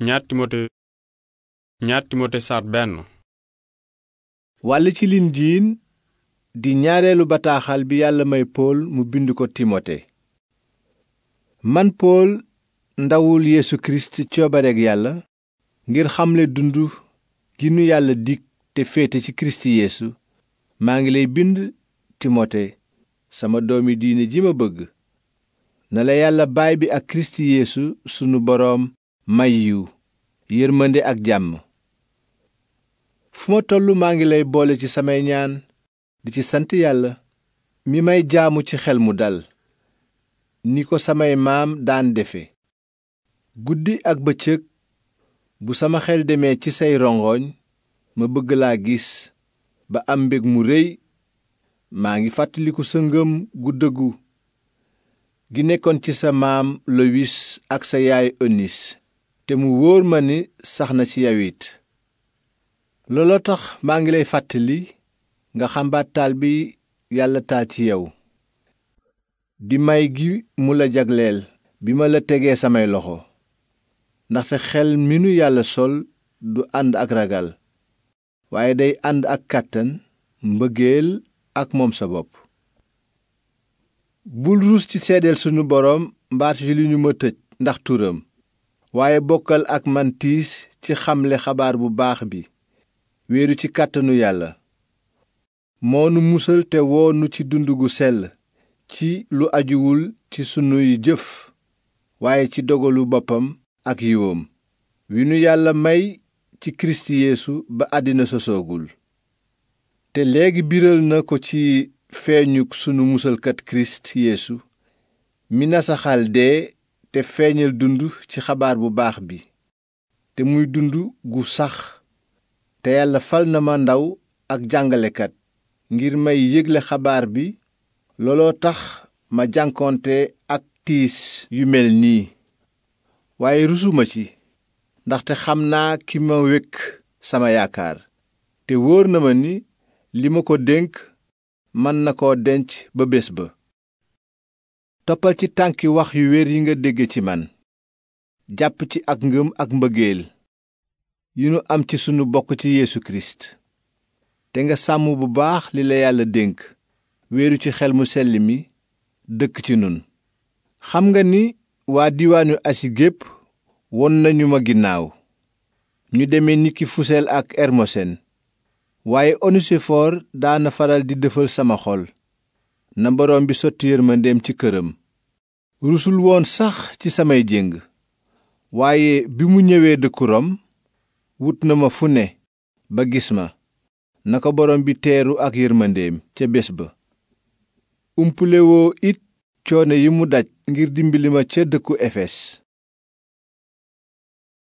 ñaar timote ñaar timote saar benn. wàll ci linjiin di ñaareelu bataaxal bi yàlla may pool mu bind ko timote man pool ndawul yeesu kirist coobareeg yàlla ngir xamle dund gi nu yàlla dikk te féete ci kirist yeesu maa ngi lay bind timote sama doomi diine ji ma bëgg na la yàlla baay bi ak kirist yeesu sunu boroom may yiw ak jàmm fu ma toll maa ngi lay boole ci samay ñaan di ci sant yàlla mi may jaamu ci xel mu dal ni ko samay maam daan defe guddi ak bëccëg bu sama xel demee ci say rongoñ ma bëgg laa gis ba am mbég mu réy maa ngi fàttaliku sa ngëm gu dëggu gi nekkoon ci sa maam Lowis ak sa yaay Onis te mu wóor ma ni sax na ci yow it looloo tax maa ngi lay fàttali nga xambaat taal bi yàlla taal ci yow di may gi mu la jagleel bi ma la tegee samay loxo ndaxte xel mi nu yàlla sol du ànd ak ragal waaye day ànd ak kàttan mbëggeel ak moom sa bopp bul ruus ci seedeel sunu boroom mbaat yi li ñu ma tëj ndax turam waaye bokkal ak mantiis ci xamle xabaar bu baax bi wéeru ci kàttanu yàlla moonu musal te woonu ci dund gu sell ci lu ajuwul ci sunuy jëf waaye ci dogalu boppam ak yiwoom wi nu yàlla may ci kirist yeesu ba àddina sosoogul te léegi biral na ko ci feeñu sunu musalkat kirist yeesu mi nasaxal dee te feeñal dund ci xabaar bu baax bi te muy dund gu sax te yàlla fal na ma ndaw ak jàngalekat ngir may yégle xabaar bi looloo tax ma jànkoonte ak tiis yu mel nii waaye rusuma ci ndaxte xam naa ki ma wékk sama yaakaar te wóor na ma ni li ma ko dénk man na koo denc ba bés ba toppal ci tànki wax yu wér yi nga dégg ci man jàpp ci ak ngëm ak mbëggeel yu nu am ci sunu bokk ci Yeesu Kirist te nga sàmm bu baax li la yàlla dénk wéeru ci xel mu selli mi dëkk ci nun xam nga ni waa diwaanu asi gépp won nañu ma ginnaaw ñu deme ni ki ak ermosen waaye onesifoor daana faral di dëfal sama xol na boroom bi sotti yërmandeem ci këram rusul woon sax ci samay jéng waaye bi mu ñëwee dëkku rom wut na ma fu ne ba gis ma na ko boroom bi teeru ak yërmandeem ca bés ba umpulewoo it coono yi mu daj ngir dimbali ma ca dëkku efes